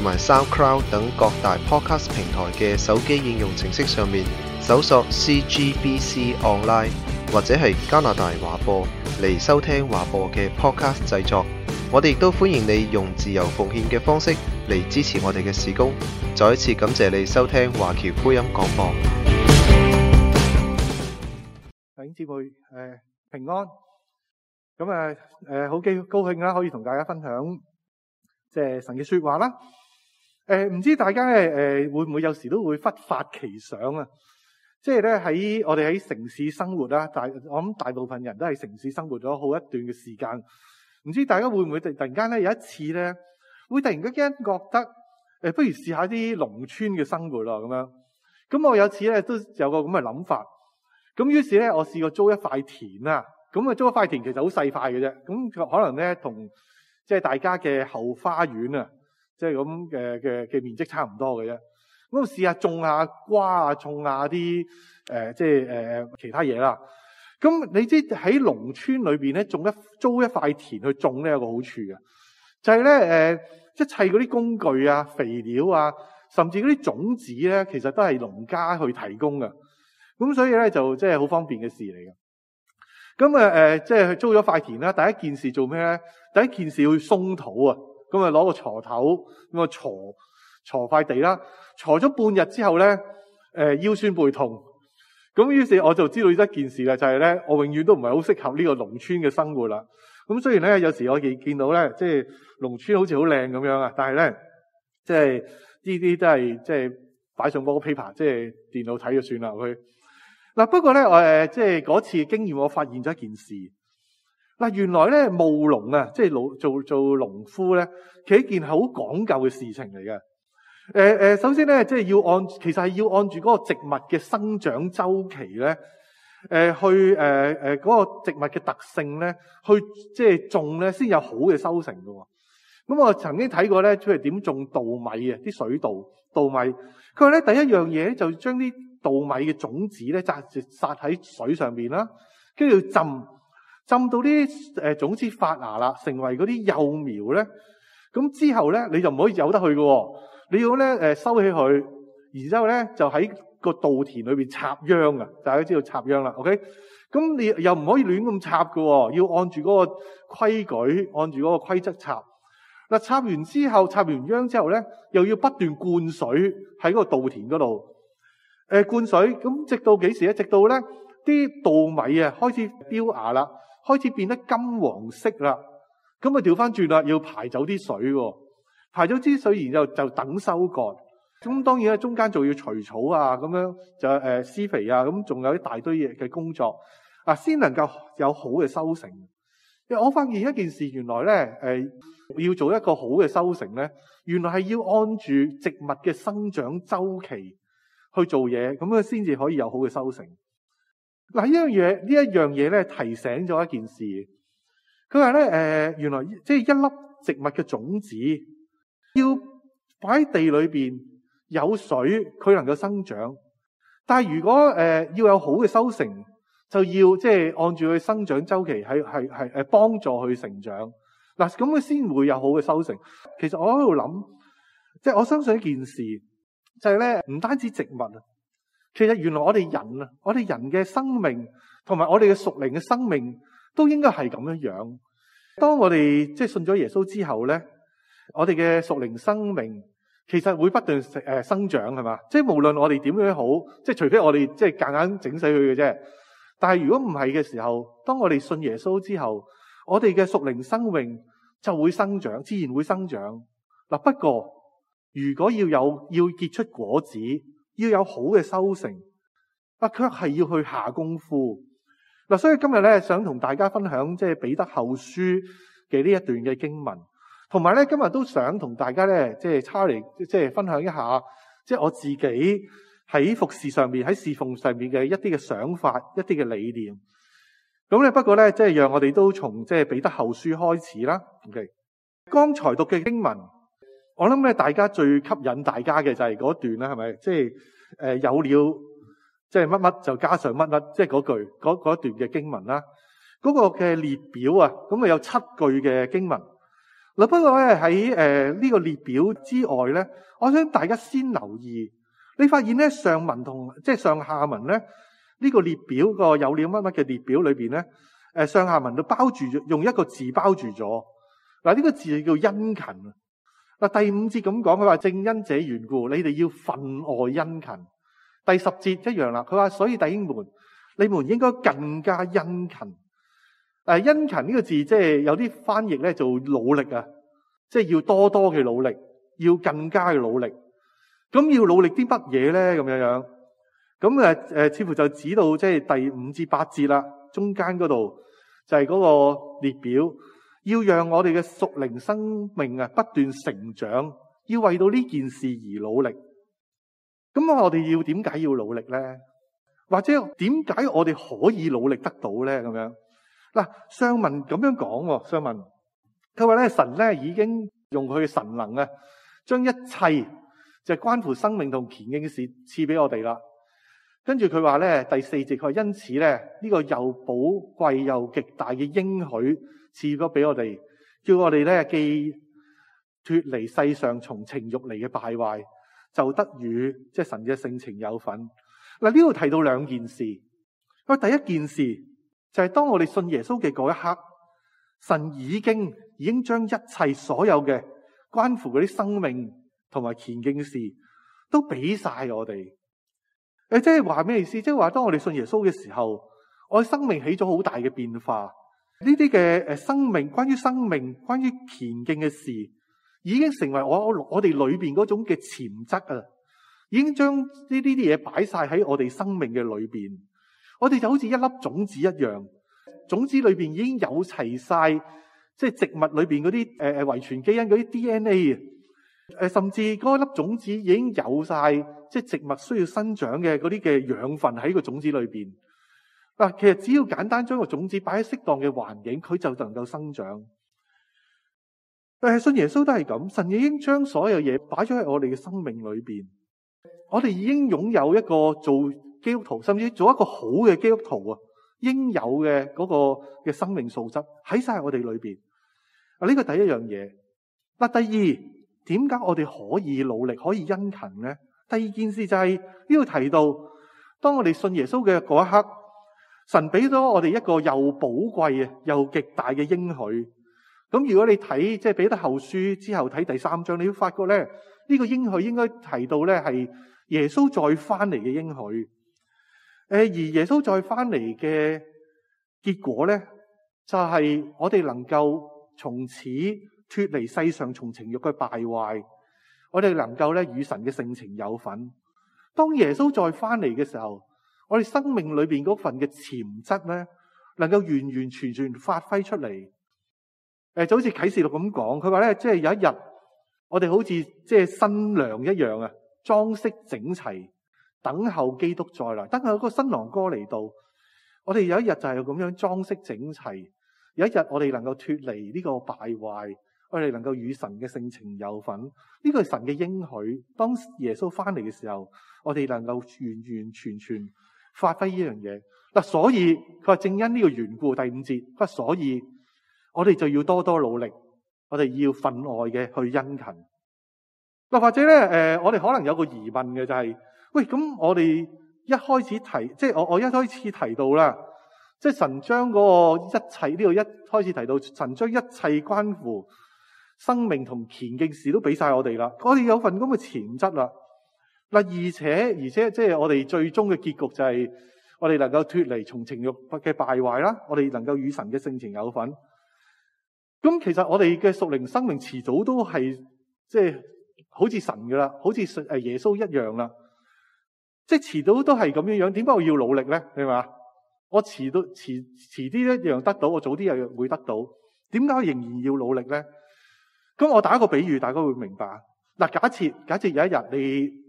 同埋 SoundCloud 等各大 Podcast 平台嘅手機應用程式上面搜索 CGBC Online 或者係加拿大華播嚟收聽華播嘅 Podcast 製作。我哋亦都歡迎你用自由奉獻嘅方式嚟支持我哋嘅事工。再一次感謝你收聽華僑福音廣播。請接會誒，平安。咁誒，好高高興啦，可以同大家分享即係神嘅說話啦。誒，唔知大家咧，誒，會唔會有時都會忽發奇想啊？即係咧喺我哋喺城市生活啦，但係我諗大部分人都喺城市生活咗好一段嘅時間。唔知大家會唔會突突然間咧有一次咧，會突然間覺得誒，不如試下啲農村嘅生活咯，咁樣。咁我有次咧都有個咁嘅諗法。咁於是咧，我試過租一塊田啊。咁啊，租一塊田其實好細塊嘅啫。咁可能咧同即係大家嘅後花園啊。即係咁嘅嘅嘅面積差唔多嘅啫。咁試下種下瓜啊，種下啲誒，即係誒其他嘢啦。咁你知喺農村裏邊咧，種一租一塊田去種咧，有個好處嘅，就係咧誒，一切嗰啲工具啊、肥料啊，甚至嗰啲種子咧，其實都係農家去提供嘅。咁所以咧就即係好方便嘅事嚟嘅。咁啊誒，即係租咗塊田啦。第一件事做咩咧？第一件事要鬆土啊。咁啊，攞個鋤頭咁啊，鋤鋤塊地啦，鋤咗半日之後咧，誒腰痠背痛，咁於是我就知道一件事啦，就係咧，我永遠都唔係好適合呢個農村嘅生活啦。咁雖然咧有時我哋見到咧，即係農村好似好靚咁樣啊，但係咧，即係呢啲都係即係擺上嗰個 paper，即係電腦睇就算啦佢。嗱，不過咧我誒，即係嗰次經驗，我發現咗一件事。嗱，原來咧務農啊，即係老做做農夫咧，其實一件好講究嘅事情嚟嘅。誒誒，首先咧，即係要按，其實係要按住嗰個植物嘅生長周期咧，誒，去誒誒嗰個植物嘅特性咧，去即係種咧，先有好嘅收成嘅。咁我曾經睇過咧，即係點種稻米嘅，啲水稻稻米。佢話咧，第一樣嘢就是，將啲稻米嘅種子咧，扎就撒喺水上邊啦，跟住浸。浸到啲誒、呃、種子發芽啦，成為嗰啲幼苗咧。咁之後咧，你就唔可以由得佢㗎、哦，你要咧、呃、收起佢，然之後咧就喺個稻田裏面插秧啊！大家知道插秧啦，OK？咁你又唔可以亂咁插喎、哦。要按住嗰個規矩，按住嗰個規則插。嗱插完之後，插完秧之後咧，又要不斷灌水喺個稻田嗰度、呃、灌水，咁直到幾時咧？直到咧啲稻米啊開始飆芽啦～開始變得金黃色啦，咁啊調翻轉啦，要排走啲水喎，排走啲水，然後就等收割。咁當然啦，中間仲要除草啊，咁樣就誒施肥啊，咁仲有一大堆嘢嘅工作啊，先能夠有好嘅收成。因為我發現一件事，原來咧、呃、要做一個好嘅收成咧，原來係要按住植物嘅生長周期去做嘢，咁樣先至可以有好嘅收成。嗱，呢樣嘢呢一樣嘢咧，提醒咗一件事。佢話咧，誒、呃，原來即係、就是、一粒植物嘅種子，要擺喺地裏邊有水，佢能夠生長。但係如果誒、呃、要有好嘅收成，就要即係、就是、按住佢生長周期，係係係誒幫助佢成長。嗱、呃，咁佢先會有好嘅收成。其實我喺度諗，即、就、係、是、我相信一件事，就係咧唔單止植物其實原來我哋人啊，我哋人嘅生命同埋我哋嘅屬靈嘅生命都應該係咁樣樣。當我哋即係信咗耶穌之後咧，我哋嘅屬靈生命其實會不斷誒生長係嘛？即係無論我哋點樣好，即係除非我哋即係夾硬整死佢嘅啫。但係如果唔係嘅時候，當我哋信耶穌之後，我哋嘅屬靈生命就會生長，自然會生長。嗱，不過如果要有要結出果子。要有好嘅收成，啊，卻係要去下功夫。嗱，所以今日咧，想同大家分享即係彼得後書嘅呢一段嘅經文，同埋咧，今日都想同大家咧，即係差嚟，即係分享一下，即係我自己喺服侍上面、喺侍奉上面嘅一啲嘅想法、一啲嘅理念。咁咧，不過咧，即係讓我哋都從即係彼得後書開始啦。O.K.，剛才讀嘅經文。我諗咧，大家最吸引大家嘅就係嗰段啦，係咪？即係誒，有了即係乜乜，就加上乜乜，即係嗰句嗰嗰一段嘅經文啦。嗰個嘅列表啊，咁啊有七句嘅經文。嗱，不過咧喺誒呢個列表之外咧，我想大家先留意，你發現咧上文同即係上下文咧呢個列表個有了乜乜嘅列表裏邊咧，誒上下文都包住咗，用一個字包住咗。嗱，呢個字叫殷勤啊。嗱，第五節咁講，佢話，正因這緣故，你哋要分外殷勤。第十節一樣啦，佢話所以弟兄們，你們應該更加殷勤。誒、啊，殷勤呢個字即係、就是、有啲翻譯咧，做努力啊，即、就、係、是、要多多嘅努力，要更加嘅努力。咁要努力啲乜嘢咧？咁樣樣。咁誒誒，似乎就指到即係第五至八節啦，中間嗰度就係、是、嗰個列表。要讓我哋嘅屬靈生命啊，不斷成長，要為到呢件事而努力。咁我哋要點解要努力咧？或者點解我哋可以努力得到咧？咁樣嗱，上文咁樣講，上文佢話咧，神咧已經用佢嘅神能，啊，將一切就是、關乎生命同虔敬嘅事賜俾我哋啦。跟住佢話咧，第四節佢話因此咧，呢個又寶貴又極大嘅應許。賜咗俾我哋，叫我哋咧既脫離世上從情欲嚟嘅敗壞，就得與即係神嘅性情有份。嗱，呢度提到兩件事。喂，第一件事就係、是、當我哋信耶穌嘅嗰一刻，神已經已經將一切所有嘅關乎嗰啲生命同埋虔敬嘅事都俾晒我哋。誒，即係話咩意思？即係話當我哋信耶穌嘅時候，我哋生命起咗好大嘅變化。呢啲嘅誒，生命關於生命關於虔敬嘅事，已經成為我我哋裏邊嗰種嘅潛質啊，已經將呢呢啲嘢擺晒喺我哋生命嘅裏邊，我哋就好似一粒種子一樣，種子裏邊已經有齊晒，即係植物裏邊嗰啲誒誒遺傳基因嗰啲 D N A 啊，誒，甚至嗰粒種子已經有晒，即係植物需要生長嘅嗰啲嘅養分喺個種子裏邊。嗱，其實只要簡單將個種子擺喺適當嘅環境，佢就能夠生長。誒，信耶穌都係咁，神已經將所有嘢擺咗喺我哋嘅生命裏邊，我哋已經擁有一個做基督徒，甚至做一個好嘅基督徒啊，應有嘅嗰個嘅生命素質喺晒我哋裏邊。啊，呢個第一樣嘢。嗱，第二，點解我哋可以努力，可以殷勤咧？第二件事就係呢度提到，當我哋信耶穌嘅嗰一刻。神俾咗我哋一個又寶貴又極大嘅應許，咁如果你睇即係彼得後書之後睇第三章，你會發覺咧呢、這個應許應該提到咧係耶穌再翻嚟嘅應許，誒而耶穌再翻嚟嘅結果咧就係、是、我哋能夠從此脫離世上從情欲嘅敗壞，我哋能夠咧與神嘅性情有份。當耶穌再翻嚟嘅時候。我哋生命裏邊嗰份嘅潛質咧，能夠完完全全發揮出嚟，誒，就好似啟示錄咁講，佢話咧，即係有一日，我哋好似即係新娘一樣啊，裝飾整齊，等候基督再來。等下嗰個新郎哥嚟到，我哋有一日就係咁樣裝飾整齊。有一日我哋能夠脫離呢個敗壞，我哋能夠與神嘅性情有份。呢個係神嘅應許。當耶穌翻嚟嘅時候，我哋能夠完完全全。發揮呢樣嘢嗱，所以佢話正因呢個緣故，第五節，所以我哋就要多多努力，我哋要分外嘅去殷勤。或者咧，誒，我哋可能有個疑問嘅就係、是，喂，咁我哋一開始提，即係我我一開始提到啦，即係神將嗰個一切呢、這個一開始提到，神將一切關乎生命同虔敬事都俾晒我哋啦，我哋有份咁嘅潛質啦。嗱，而且而且，即係我哋最終嘅結局就係我哋能夠脫離從情欲嘅敗壞啦，我哋能夠與神嘅性情有份。咁其實我哋嘅屬靈生命遲早都係即係好似神噶啦，好似誒耶穌一樣啦。即係遲早都係咁樣樣，點解我要努力咧？你話？我遲到遲遲啲一樣得到，我早啲又會得到。點解仍然要努力咧？咁我打一個比喻，大家會明白。嗱，假設假設有一日你。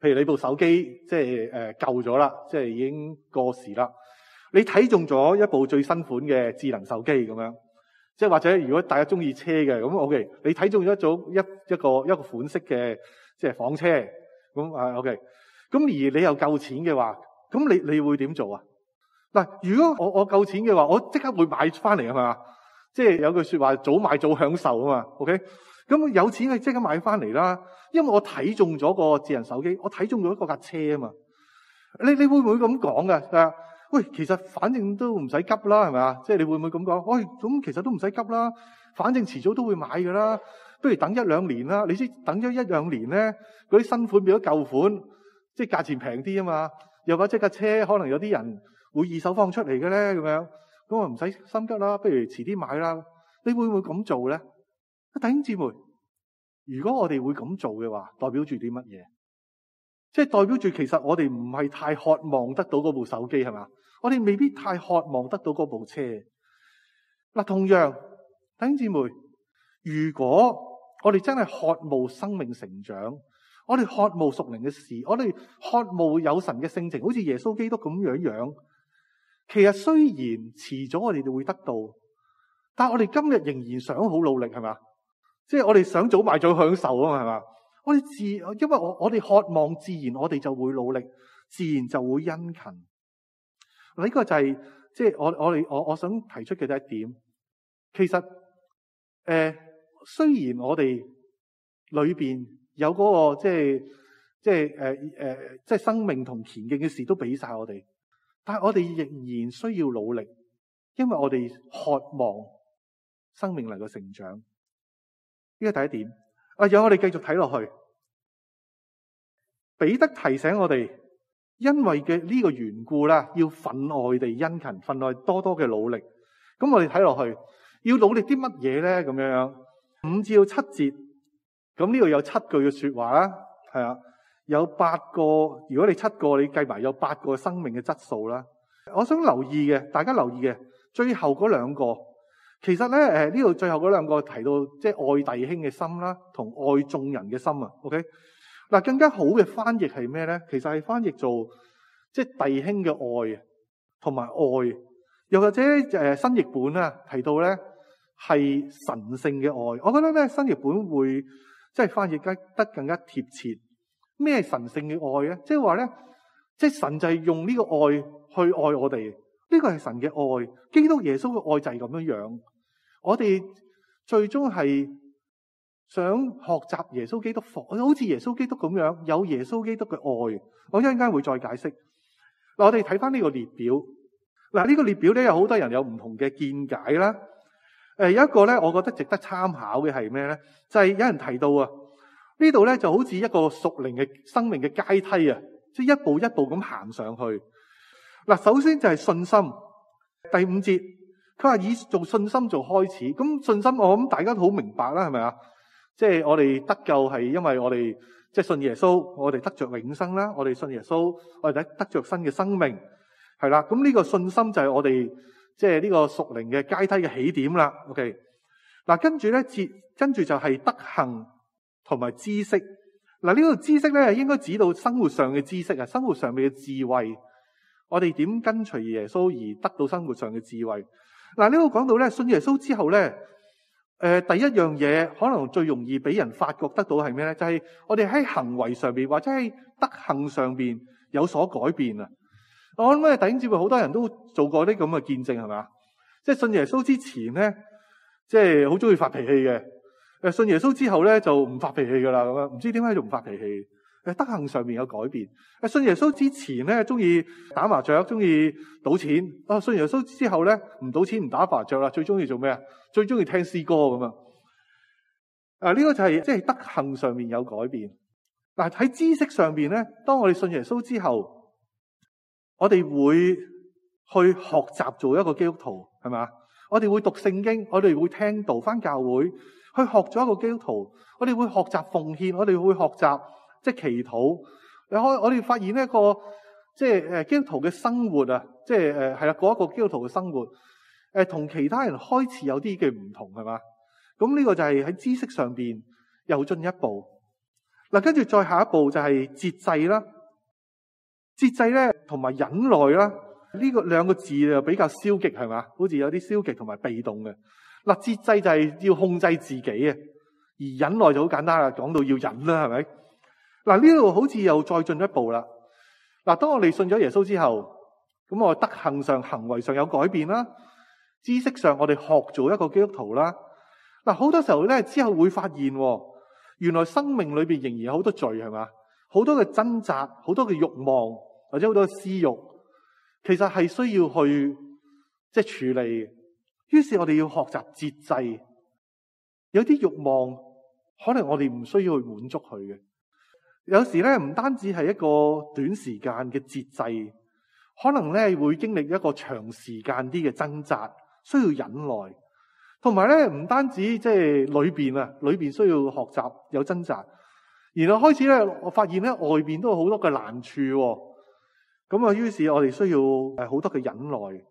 譬如你部手機即係誒舊咗啦，即係已經過時啦。你睇中咗一部最新款嘅智能手機咁樣，即係或者如果大家中意車嘅咁 OK，你睇中咗一種一一個一個款式嘅即係房車咁啊 OK。咁而你又夠錢嘅話，咁你你會點做啊？嗱，如果我我夠錢嘅話，我即刻會買翻嚟係嘛？即係有句說話早買早享受啊嘛，OK。咁有錢你即刻買翻嚟啦，因為我睇中咗個智能手機，我睇中咗個架車啊嘛。你你會唔會咁講㗎？啊，喂，其實反正都唔使急啦，係咪啊？即係你會唔會咁講？喂，哎，咁其實都唔使急啦，反正遲早都會買㗎啦。不如等一兩年啦。你知等咗一兩年咧，嗰啲新款變咗舊款，即係價錢平啲啊嘛。又或即架車可能有啲人會二手放出嚟嘅咧，咁樣咁我唔使心急啦，不如遲啲買啦。你會唔會咁做咧？弟兄姊妹，如果我哋會咁做嘅話，代表住啲乜嘢？即係代表住其實我哋唔係太渴望得到嗰部手機係嘛？我哋未必太渴望得到嗰部車。嗱，同樣弟兄姊妹，如果我哋真係渴慕生命成長，我哋渴慕屬靈嘅事，我哋渴慕有神嘅性情，好似耶穌基督咁樣樣。其實雖然遲早，我哋就會得到，但係我哋今日仍然想好努力係嘛？即、就、係、是、我哋想早買早享受啊嘛，係嘛？我哋自，因為我我哋渴望自然，我哋就會努力，自然就會殷勤。呢個就係即係我我哋我我想提出嘅第一點。其實誒、呃，雖然我哋裏邊有嗰、那個即係即係誒誒，即係、呃、生命同前景嘅事都俾晒我哋，但係我哋仍然需要努力，因為我哋渴望生命能夠成長。呢個第一點，阿友，我哋繼續睇落去。彼得提醒我哋，因為嘅呢個緣故啦，要分外地殷勤，分外多多嘅努力。咁我哋睇落去，要努力啲乜嘢咧？咁樣樣五至到七節，咁呢度有七句嘅說話啦，係啊，有八個。如果你七個，你計埋有八個生命嘅質素啦。我想留意嘅，大家留意嘅，最後嗰兩個。其實咧，誒，呢度最後嗰兩個提到，即係愛弟兄嘅心啦，同愛眾人嘅心啊。OK，嗱，更加好嘅翻譯係咩咧？其實係翻譯做即係弟兄嘅愛，同埋愛，又或者誒新譯本啊提到咧係神聖嘅愛。我覺得咧新譯本會即係翻譯得得更加貼切。咩神聖嘅愛呢？即係話咧，即係神就係用呢個愛去愛我哋，呢、這個係神嘅愛，基督耶穌嘅愛就係咁樣樣。我哋最終係想學習耶穌基督，好似耶穌基督咁樣，有耶穌基督嘅愛。我一陣間會再解釋。嗱，我哋睇翻呢個列表，嗱、這、呢個列表咧有好多人有唔同嘅見解啦。誒，有一個咧，我覺得值得參考嘅係咩咧？就係、是、有人提到啊，呢度咧就好似一個屬靈嘅生命嘅階梯啊，即係一步一步咁行上去。嗱，首先就係信心，第五節。佢話以做信心做開始，咁信心我諗大家都好明白啦，係咪啊？即係我哋得救係因為我哋即係信耶穌，我哋得着永生啦。我哋信耶穌，我哋得着新嘅生命，係啦。咁呢個信心就係我哋即係呢個屬靈嘅階梯嘅起點啦。OK，嗱跟住咧，接跟住就係德行同埋知識。嗱呢個知識咧，應該指導生活上嘅知識啊，生活上嘅智慧。我哋點跟隨耶穌而得到生活上嘅智慧？嗱、這個，呢個講到咧，就是，信耶穌之後咧，誒，第一樣嘢可能最容易俾人發覺得到係咩咧？就係我哋喺行為上邊或者喺德行上邊有所改變啊！我諗咧，頂住好多人都做過啲咁嘅見證，係咪啊？即係信耶穌之前咧，即係好中意發脾氣嘅，誒，信耶穌之後咧就唔發脾氣噶啦，咁樣，唔知點解仲唔發脾氣。誒，德行上面有改變。誒、啊，信耶穌之前咧，中意打麻雀，中意賭錢。哦，信耶穌之後咧，唔賭錢，唔打麻雀啦。最中意做咩啊？最中意聽詩歌咁啊。啊、呢、這個就係即係德行上面有改變。嗱、啊，喺知識上邊咧，當我哋信耶穌之後，我哋會去學習做一個基督徒，係咪？我哋會讀聖經，我哋會聽道，翻教會去學做一個基督徒。我哋會學習奉獻，我哋會學習。即係祈禱，你開我哋發現一個即係誒基督徒嘅生活啊，即係誒係啦，一個基督徒嘅生活，誒、就、同、是、其他人開始有啲嘅唔同係嘛？咁呢個就係喺知識上邊又進一步。嗱，跟住再下一步就係節制啦，節制咧同埋忍耐啦。呢、這個兩個字又比較消極係嘛？好似有啲消極同埋被動嘅。嗱，節制就係要控制自己啊，而忍耐就好簡單啦，講到要忍啦係咪？嗱，呢度好似又再進一步啦。嗱，當我哋信咗耶穌之後，咁我德行上行為上有改變啦，知識上我哋學做一個基督徒啦。嗱，好多時候咧之後會發現，原來生命裏邊仍然有好多罪係嘛，好多嘅掙扎，好多嘅慾望或者好多嘅私慾，其實係需要去即係、就是、處理。於是我哋要學習節制，有啲慾望可能我哋唔需要去滿足佢嘅。有時咧唔單止係一個短時間嘅節制，可能咧會經歷一個長時間啲嘅掙扎，需要忍耐。同埋咧唔單止即係裏邊啊，裏邊需要學習有掙扎。然後開始咧，我發現咧外邊都有好多嘅難處。咁啊，於是我哋需要好多嘅忍耐。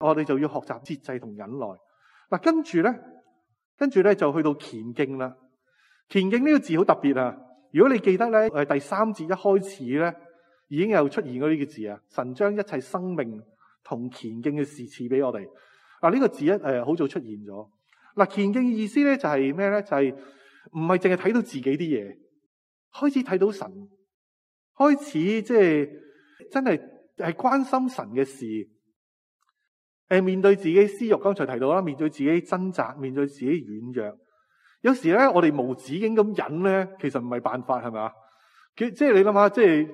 我哋就要學習節制同忍耐。嗱，跟住咧，跟住咧就去到虔敬啦。虔敬呢個字好特別啊！如果你記得咧，誒，第三節一開始咧，已經有出現過呢個字啊，神將一切生命同虔敬嘅事賜俾我哋。嗱，呢個字一誒，好早出現咗。嗱，虔敬嘅意思咧就係咩咧？就係唔係淨係睇到自己啲嘢，開始睇到神，開始即係真係係關心神嘅事。誒，面對自己私欲，剛才提到啦，面對自己掙扎，面對自己軟弱。有時咧，我哋無止境咁忍咧，其實唔係辦法，係咪啊？即係你諗下，即係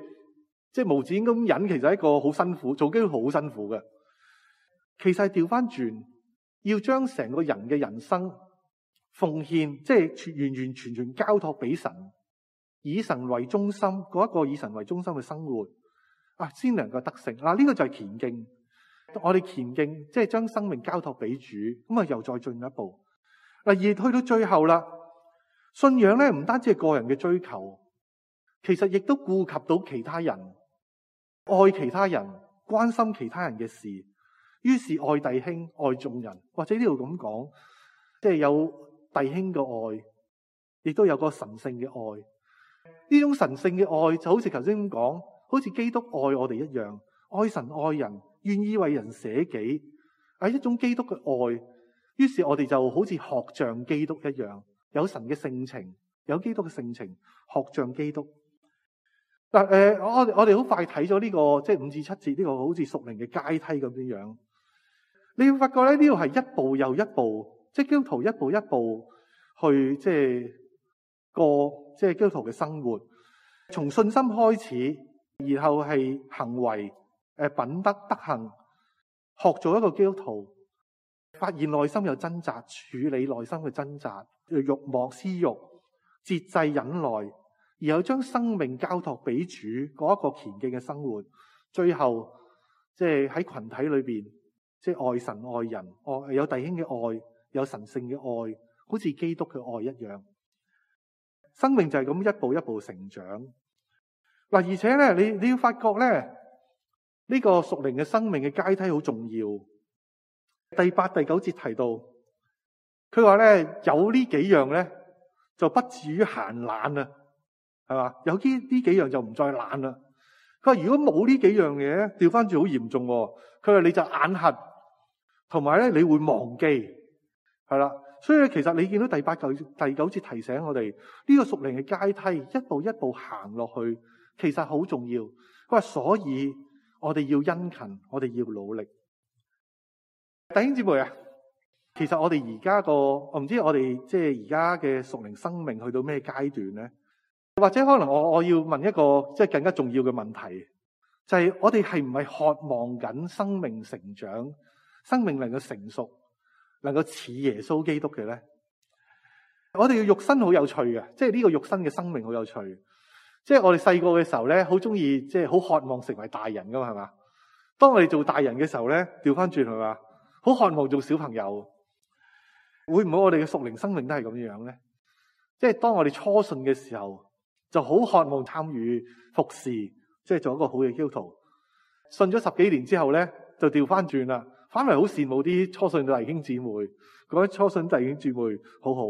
即係無止境咁忍，其實係一個好辛苦，做基督徒好辛苦嘅。其實調翻轉，要將成個人嘅人生奉獻，即係完完全全，全，全，全交託俾神，以神為中心，嗰一個以神為中心嘅生活啊，先能夠得勝。嗱、啊，呢、這個就係虔敬。我哋虔敬，即係將生命交託俾主，咁啊，又再進一步。嗱，而去到最後啦，信仰咧，唔單止係個人嘅追求，其實亦都顧及到其他人，愛其他人，關心其他人嘅事，於是愛弟兄、愛眾人，或者呢度咁講，即係有弟兄嘅愛，亦都有個神聖嘅愛。呢種神聖嘅愛就好似頭先咁講，好似基督愛我哋一樣，愛神愛人，願意為人捨己，係一種基督嘅愛。於是我哋就好似學像基督一樣，有神嘅性情，有基督嘅性情，學像基督。但誒、呃，我我我哋好快睇咗呢個即係、就是、五至七節呢、這個好似屬靈嘅階梯咁樣樣。你會發覺咧，呢度係一步又一步，即、就、係、是、基督徒一步一步去即係、就是、過即係、就是、基督徒嘅生活，從信心開始，然後係行為誒品德德行，學做一個基督徒。發現內心有掙扎，處理內心嘅掙扎，欲莫私欲，節制忍耐，然後將生命交託俾主，過、這、一個前進嘅生活。最後，即係喺群體裏邊，即、就、係、是、愛神、愛人，愛有弟兄嘅愛，有神聖嘅愛，好似基督嘅愛一樣。生命就係咁一步一步成長。嗱，而且咧，你你要發覺咧，呢、這個屬靈嘅生命嘅階梯好重要。第八、第九節提到，佢話咧有呢幾樣咧，就不至於閒懶啊，係嘛？有呢呢幾樣就唔再懶啦。佢話如果冇呢幾樣嘢，調翻轉好嚴重。佢話你就眼瞎，同埋咧你會忘記，係啦。所以其實你見到第八、九、第九節提醒我哋，呢、這個屬靈嘅階梯，一步一步行落去，其實好重要。佢話所以我哋要殷勤，我哋要努力。弟兄姊妹啊，其實我哋而家個，我唔知我哋即係而家嘅屬靈生命去到咩階段咧？或者可能我我要問一個即係更加重要嘅問題，就係、是、我哋係唔係渴望緊生命成長、生命能夠成熟、能夠似耶穌基督嘅咧？我哋嘅肉身好有趣啊，即係呢個肉身嘅生命好有趣。即、就、係、是、我哋細個嘅時候咧，好中意即係好渴望成為大人噶嘛，係嘛？當我哋做大人嘅時候咧，調翻轉，係嘛？是吧好渴望做小朋友，會唔會我哋嘅屬靈生命都係咁樣樣咧？即係當我哋初信嘅時候，就好渴望參與服侍，即係做一個好嘅基督徒。信咗十幾年之後咧，就調翻轉啦，翻嚟，好羨慕啲初信嘅弟兄姊妹，覺得初信弟兄姊妹好好。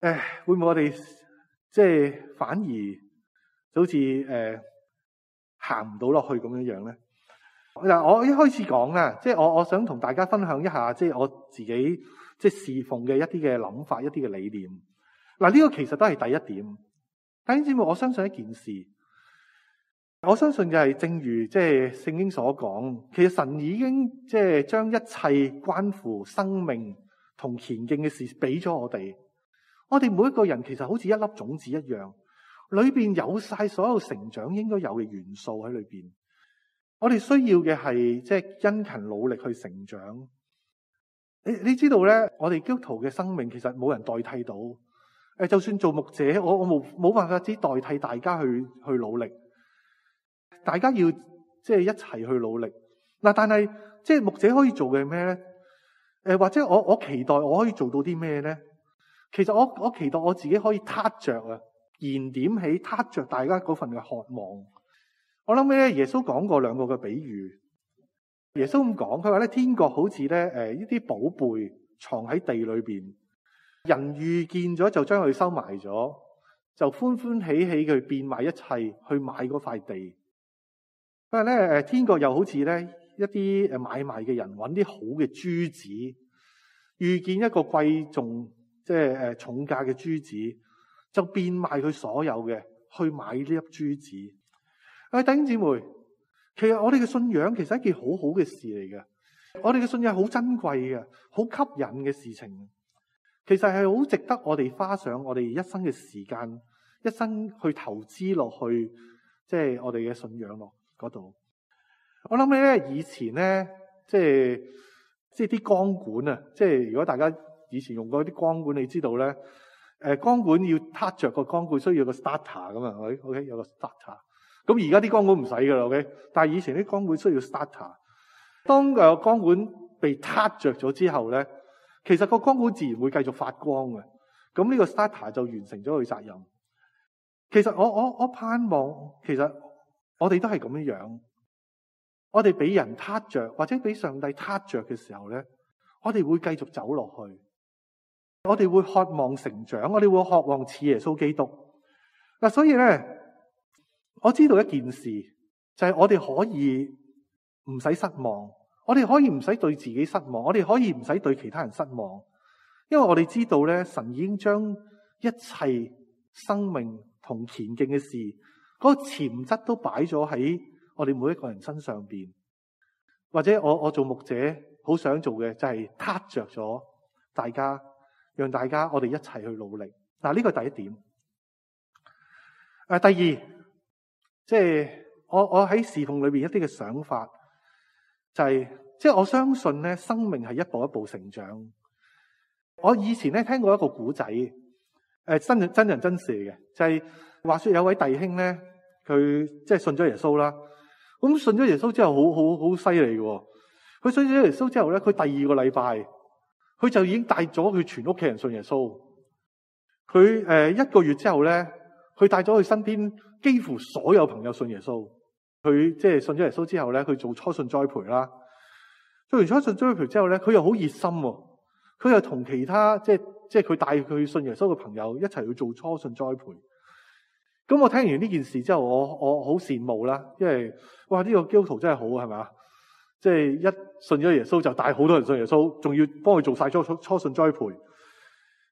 誒，會唔會我哋即係反而就好似誒、呃、行唔到落去咁樣樣咧？嗱，我一開始講啦，即係我我想同大家分享一下，即係我自己即係侍奉嘅一啲嘅諗法，一啲嘅理念。嗱，呢個其實都係第一點。弟兄姐妹，我相信一件事，我相信就係正如即係聖經所講，其實神已經即係將一切關乎生命同虔敬嘅事俾咗我哋。我哋每一個人其實好似一粒種子一樣，裏邊有晒所有成長應該有嘅元素喺裏邊。我哋需要嘅係即係殷勤努力去成長。你你知道咧，我哋基督徒嘅生命其實冇人代替到。誒，就算做牧者，我我冇冇辦法之代替大家去去努力。大家要即係、就是、一齊去努力。嗱，但係即係牧者可以做嘅咩咧？誒，或者我我期待我可以做到啲咩咧？其實我我期待我自己可以撻著啊，燃點起撻著大家嗰份嘅渴望。我諗咧，耶穌講過兩個嘅比喻。耶穌咁講，佢話咧，天國好似咧，誒，一啲寶貝藏喺地裏邊，人遇見咗就將佢收埋咗，就歡歡喜喜佢變賣一切去買嗰塊地。不過咧，誒，天國又好似咧一啲誒買賣嘅人，搵啲好嘅珠子，遇見一個貴重，即係誒重價嘅珠子，就變賣佢所有嘅去買呢粒珠子。喂，弟兄姐妹，其實我哋嘅信仰其實是一件很好好嘅事嚟嘅，我哋嘅信仰好珍貴嘅，好吸引嘅事情，其實係好值得我哋花上我哋一生嘅時間，一生去投資落去，即、就、係、是、我哋嘅信仰咯。嗰度，我諗起咧，以前咧，即係即係啲光管啊，即係如果大家以前用過啲光管，你知道咧，誒，光管要 t 着 u 個光管，需要個 starter 噶嘛，係咪？OK，有個 starter。咁而家啲光管唔使噶啦，OK。但係以前啲光管需要 starter。當個光管被撻着咗之後咧，其實個光管自然會繼續發光嘅。咁呢個 starter 就完成咗佢責任。其實我我我盼望，其實我哋都係咁樣樣。我哋俾人撻着，或者俾上帝撻着嘅時候咧，我哋會繼續走落去。我哋會渴望成長，我哋會渴望似耶穌基督。嗱，所以咧。我知道一件事，就係我哋可以唔使失望，我哋可以唔使對自己失望，我哋可以唔使對其他人失望，因為我哋知道咧，神已經將一切生命同虔敬嘅事，嗰個潛質都擺咗喺我哋每一個人身上邊。或者我我做牧者好想做嘅就係撻着咗大家，讓大家我哋一齊去努力。嗱，呢個第一點。誒，第二。即係我我喺侍奉裏邊一啲嘅想法，就係即係我相信咧，生命係一步一步成長。我以前咧聽過一個古仔，誒真真人真事嘅，就係話說有位弟兄咧，佢即係信咗耶穌啦。咁信咗耶穌之後，好好好犀利嘅。佢信咗耶穌之後咧，佢第二個禮拜，佢就已經帶咗佢全屋企人信耶穌。佢誒一個月之後咧。佢帶咗佢身邊幾乎所有朋友信耶穌，佢即係信咗耶穌之後咧，佢做初信栽培啦。做完初信栽培之後咧，佢又好熱心，佢又同其他即係即係佢帶佢信耶穌嘅朋友一齊去做初信栽培。咁我聽完呢件事之後，我我好羨慕啦，因為哇呢個基督徒真係好，係咪啊？即係一信咗耶穌就帶好多人信耶穌，仲要幫佢做晒初初初信栽培。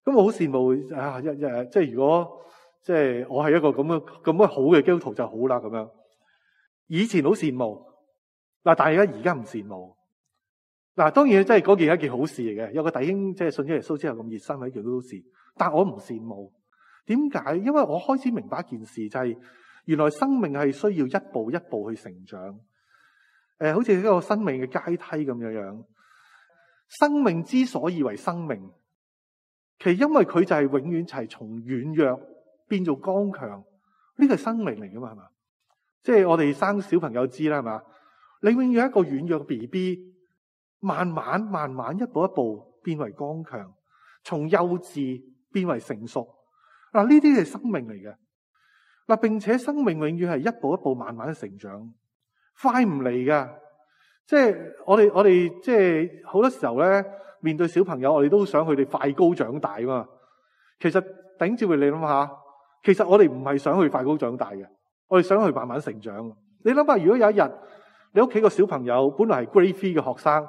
咁我好羨慕啊！一即係如果。即係我係一個咁樣咁樣好嘅基督徒就好啦，咁樣。以前好羨慕，嗱，但係而家而家唔羨慕。嗱，當然即係嗰件係一件好事嚟嘅，有個弟兄即係信咗耶穌之後咁熱心係一件好事。息息事但我唔羨慕，點解？因為我開始明白一件事，就係、是、原來生命係需要一步一步去成長。誒，好似一個生命嘅階梯咁樣樣。生命之所以為生命，其實因為佢就係永遠就係從軟弱。變做剛強，呢個係生命嚟噶嘛？係嘛？即係我哋生小朋友知啦，係嘛？你永遠一個軟弱嘅 B B，慢慢慢慢一步一步變為剛強，從幼稚變為成，成熟。嗱，呢啲係生命嚟嘅。嗱，並且生命永遠係一步一步慢慢成長，快唔嚟噶？即係我哋我哋即係好多時候咧，面對小朋友，我哋都想佢哋快高長大嘛。其實頂住佢，你諗下。其實我哋唔係想去快高長大嘅，我哋想去慢慢成長。你諗下，如果有一日你屋企個小朋友本來係 grade three 嘅學生，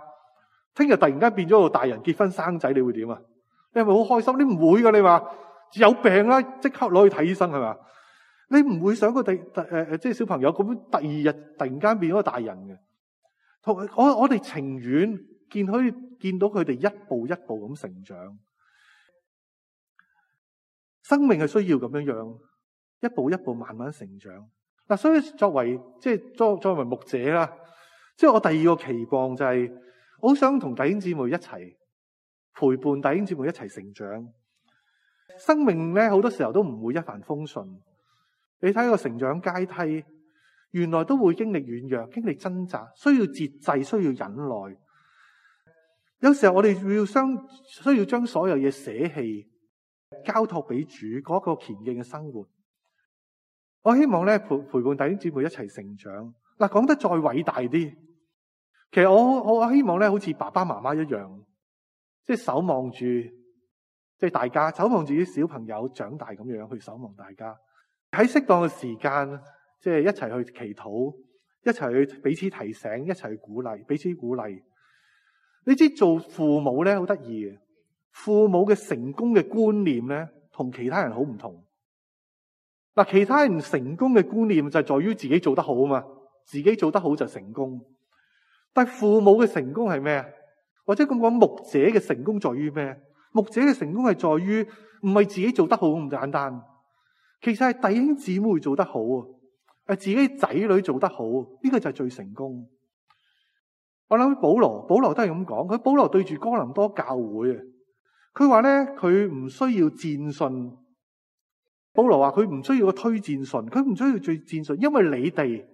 聽日突然間變咗個大人結婚生仔，你會點啊？你係咪好開心？你唔會噶，你話有病啦，即刻攞去睇醫生係嘛？你唔會想佢哋，誒誒，即係小朋友咁第二日突然間變咗個大人嘅？同我我哋情願可以見到佢哋一步一步咁成長。生命係需要咁樣樣，一步一步慢慢成長。嗱，所以作為即係作作為牧者啦，即係我第二個期望就係、是，我好想同弟兄姊妹一齊陪伴弟兄姊妹一齊成長。生命咧好多時候都唔會一帆風順，你睇個成長階梯，原來都會經歷軟弱、經歷掙扎，需要節制、需要忍耐。有時候我哋要將需要將所有嘢捨棄。交託俾主嗰個虔敬嘅生活，我希望咧陪陪伴弟兄姊妹一齊成長。嗱，講得再偉大啲，其實我我我希望咧，好似爸爸媽媽一樣，即係守望住，即係大家守望住啲小朋友長大咁樣去守望大家。喺適當嘅時間，即係一齊去祈禱，一齊去彼此提醒，一齊去鼓勵，彼此鼓勵。你知做父母咧，好得意嘅。父母嘅成功嘅觀念咧，同其他人好唔同。嗱，其他人成功嘅觀念就係在於自己做得好啊嘛，自己做得好就成功。但係父母嘅成功係咩啊？或者咁講，牧者嘅成功在於咩？牧者嘅成功係在於唔係自己做得好咁簡單，其實係弟兄姊妹做得好啊，自己仔女做得好，呢個就係最成功。我諗保羅，保羅都係咁講，佢保羅對住哥林多教會啊。佢話咧，佢唔需要薦信。保羅話佢唔需要個推薦信，佢唔需要最薦信，因為你哋，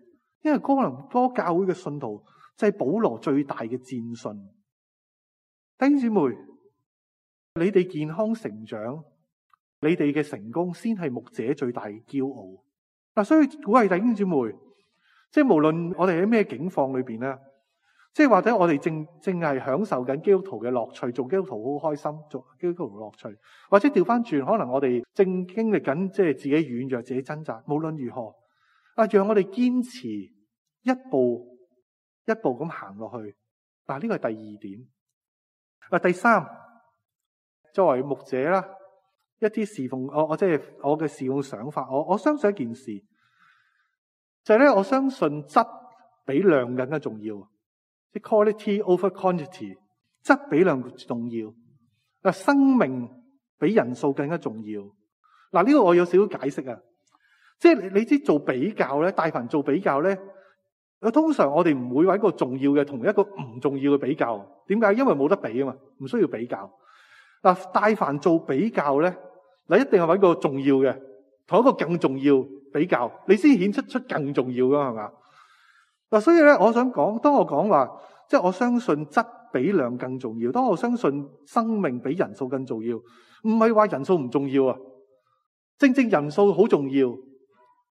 因為哥林多教會嘅信徒就係保羅最大嘅薦信。弟兄姊妹，你哋健康成長，你哋嘅成功先係牧者最大嘅驕傲。嗱，所以鼓勵弟兄姊妹，即係無論我哋喺咩境況裏邊咧。即係或者我哋正正係享受緊基督徒嘅樂趣，做基督徒好開心，做基督徒嘅樂趣。或者掉返轉，可能我哋正經歷緊，即係自己軟弱、自己掙扎。無論如何，啊，讓我哋堅持一步一步咁行落去。嗱，呢個係第二點。啊，第三，作為牧者啦，一啲侍奉我我即係我嘅侍奉想法，我我相信一件事，就係咧，我相信質比量更加重要。Quality over quantity，質比量重要。嗱，生命比人數更加重要。嗱，呢個我有少少解釋啊。即係你知做比較咧，大凡做比較咧，通常我哋唔會揾一個重要嘅同一個唔重要嘅比較。點解？因為冇得比啊嘛，唔需要比較。嗱，大凡做比較咧，嗱一定係揾一個重要嘅同一個更重要比較，你先顯出出更重要噶，係嘛？嗱，所以咧，我想講，當我講話，即係我相信質比量更重要。當我相信生命比人數更重要，唔係話人數唔重要啊，正正人數好重要，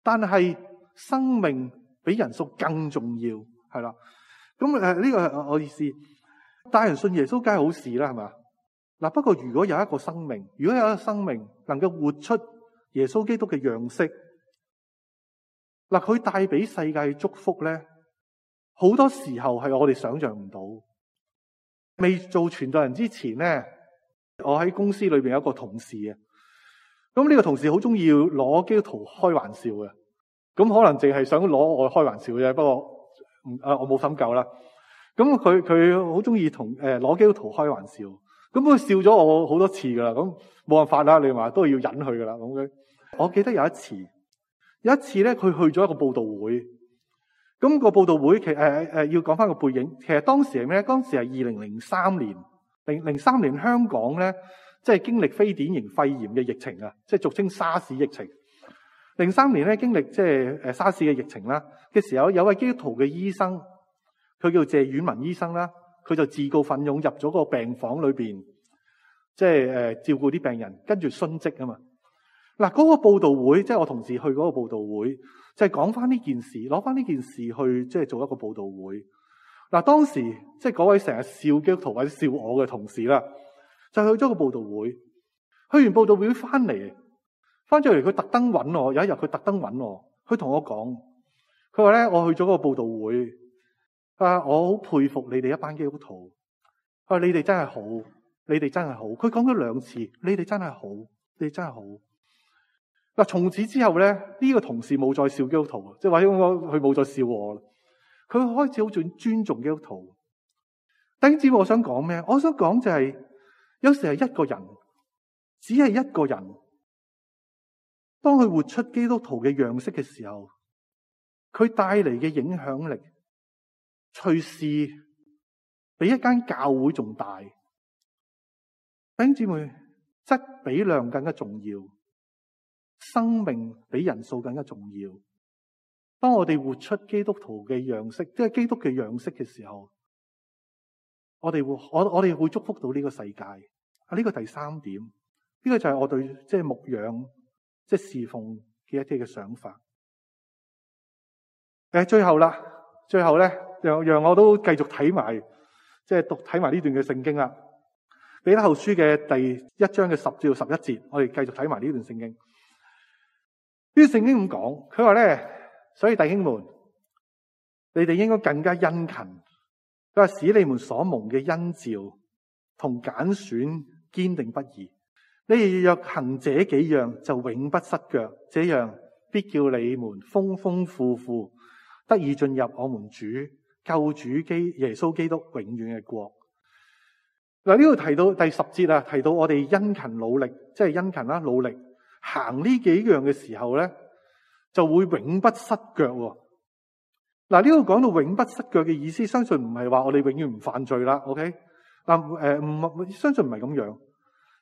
但係生命比人數更重要，係啦。咁誒，呢個係我意思。帶人信耶穌梗係好事啦，係嘛？嗱，不過如果有一個生命，如果有一個生命能夠活出耶穌基督嘅樣式，嗱，佢帶俾世界祝福咧。好多時候係我哋想象唔到，未做傳道人之前咧，我喺公司裏邊有一個同事啊。咁呢個同事好中意攞基督徒開玩笑嘅，咁可能淨係想攞我開玩笑啫。不過唔啊，我冇心夠啦。咁佢佢好中意同誒攞基督徒開玩笑，咁佢笑咗我好多次噶啦。咁冇辦法啦，你話都係要忍佢噶啦。咁我記得有一次，有一次咧，佢去咗一個佈道會。咁、那個報道會其實，其、呃、誒、呃、要講翻個背景。其實當時係咩咧？當時係二零零三年，零零三年香港咧，即係經歷非典型肺炎嘅疫情啊，即係俗稱沙士疫情。零三年咧經歷即係、呃、沙士嘅疫情啦嘅時候，有位基督徒嘅醫生，佢叫謝婉文醫生啦，佢就自告奮勇入咗個病房裏面，即係、呃、照顧啲病人，跟住殉職啊嘛。嗱，嗰個報道會即係我同事去嗰個報道會。即係講翻呢件事，攞翻呢件事去即係、就是、做一個報道會。嗱，當時即係嗰位成日笑基督徒或者笑我嘅同事啦，就去咗個報道會。去完報道會翻嚟，翻咗嚟佢特登揾我。有一日佢特登揾我，佢同我講，佢話咧，我去咗個報道會，啊，我好佩服你哋一班基督徒。啊，你哋真係好，你哋真係好。佢講咗兩次，你哋真係好，你哋真係好。嗱，從此之後咧，呢個同事冇再笑基督徒，即係話佢冇再笑我啦。佢開始好盡尊重基督徒。弟兄姊妹，我，我想講咩？我想講就係，有時係一個人，只係一個人，當佢活出基督徒嘅樣式嘅時候，佢帶嚟嘅影響力，隨時比一間教會仲大。弟兄姊妹，質比量更加重要。生命比人數更加重要。當我哋活出基督徒嘅樣式，即係基督嘅樣式嘅時候，我哋會我我哋會祝福到呢個世界。啊，呢個第三點，呢個就係我對即係牧養、即係侍奉嘅一啲嘅想法。欸，最後啦，最後咧，讓讓我都繼續睇埋即係讀睇埋呢段嘅聖經啦，《彼得後書》嘅第一章嘅十至十一節，我哋繼續睇埋呢段聖經。於聖經咁講，佢話咧，所以弟兄們，你哋應該更加殷勤。佢話，使你們所蒙嘅恩召同揀選堅定不移。你哋若行這幾樣，就永不失腳。這樣必叫你們豐豐富富，得以進入我們主救主基耶穌基督永遠嘅國。嗱，呢度提到第十節啊，提到我哋殷勤努力，即係殷勤啦，努力。行呢幾樣嘅時候咧，就會永不失腳喎。嗱，呢個講到永不失腳嘅意思，相信唔係話我哋永遠唔犯罪啦。OK，嗱，誒，相信唔係咁樣，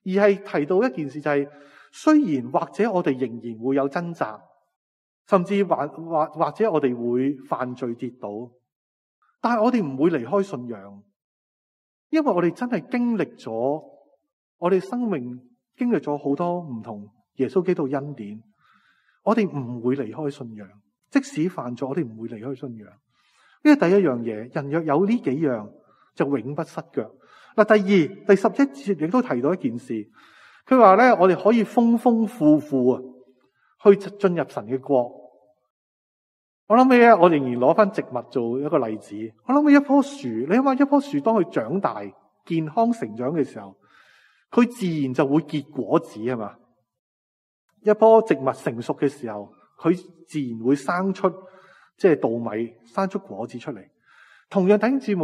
而係提到一件事就係，雖然或者我哋仍然會有掙扎，甚至或或或者我哋會犯罪跌倒，但係我哋唔會離開信仰，因為我哋真係經歷咗，我哋生命經歷咗好多唔同。耶穌基督恩典，我哋唔會離開信仰，即使犯罪，我哋唔會離開信仰。呢係第一樣嘢。人若有呢幾樣，就永不失腳嗱。第二第十一節亦都提到一件事，佢話咧，我哋可以豐豐富富啊，去進入神嘅國。我諗咩呢，我仍然攞翻植物做一個例子。我諗，一棵樹，你諗下一棵樹當佢長大、健康成長嘅時候，佢自然就會結果子，係嘛？一棵植物成熟嘅時候，佢自然會生出即係稻米，生出果子出嚟。同樣，弟兄姊妹，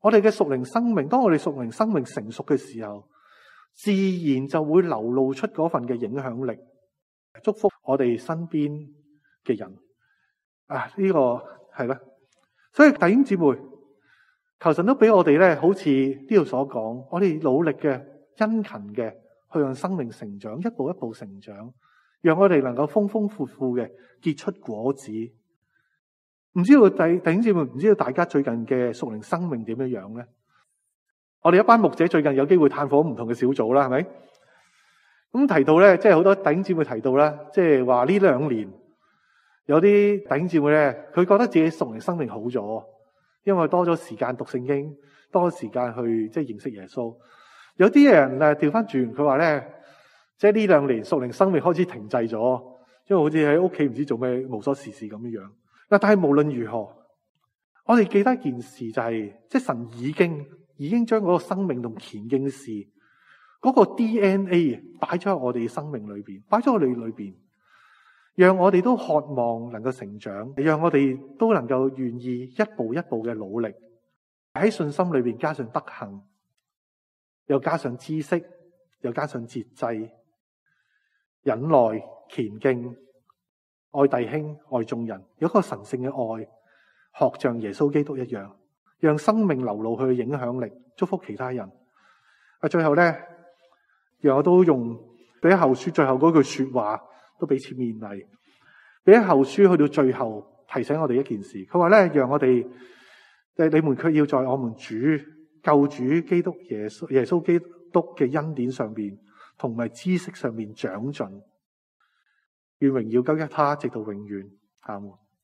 我哋嘅屬靈生命，當我哋屬靈生命成熟嘅時候，自然就會流露出嗰份嘅影響力，祝福我哋身邊嘅人。啊，呢個係啦，所以弟兄姊妹，求神都俾我哋咧，好似呢度所講，我哋努力嘅，殷勤嘅。去讓生命成長，一步一步成長，讓我哋能夠豐豐富富嘅結出果子。唔知道弟兄姐妹唔知道大家最近嘅屬靈生命點樣樣咧？我哋一班牧者最近有機會探訪唔同嘅小組啦，係咪？咁提到咧，即係好多弟兄姊妹提到咧，即係話呢兩年有啲弟兄姊妹咧，佢覺得自己屬靈生命好咗，因為多咗時間讀聖經，多咗時間去即係認識耶穌。有啲人誒掉返轉，佢話咧，即係呢兩年屬靈生命開始停滯咗，因為好似喺屋企唔知做咩無所事事咁樣樣。嗱，但係無論如何，我哋記得一件事就係、是，即係神已經已經將嗰個生命同虔敬事，嗰、那個 D N A 擺咗喺我哋生命裏邊，擺咗喺我哋裏邊，讓我哋都渴望能夠成長，讓我哋都能夠願意一步一步嘅努力喺信心裏邊加上德行。又加上知識，又加上節制、忍耐、虔敬、愛弟兄、愛眾人，有一個神聖嘅愛，學像耶穌基督一樣，讓生命流露佢嘅影響力，祝福其他人。啊，最後咧，讓我都用《彼後書》最後嗰句說話，都彼此勉勵。《彼後書》去到最後，提醒我哋一件事，佢話咧，讓我哋，誒，你們卻要在我們主。救主基督耶穌耶穌基督嘅恩典上面同埋知識上面長進，願榮耀交給他直到永遠。阿門。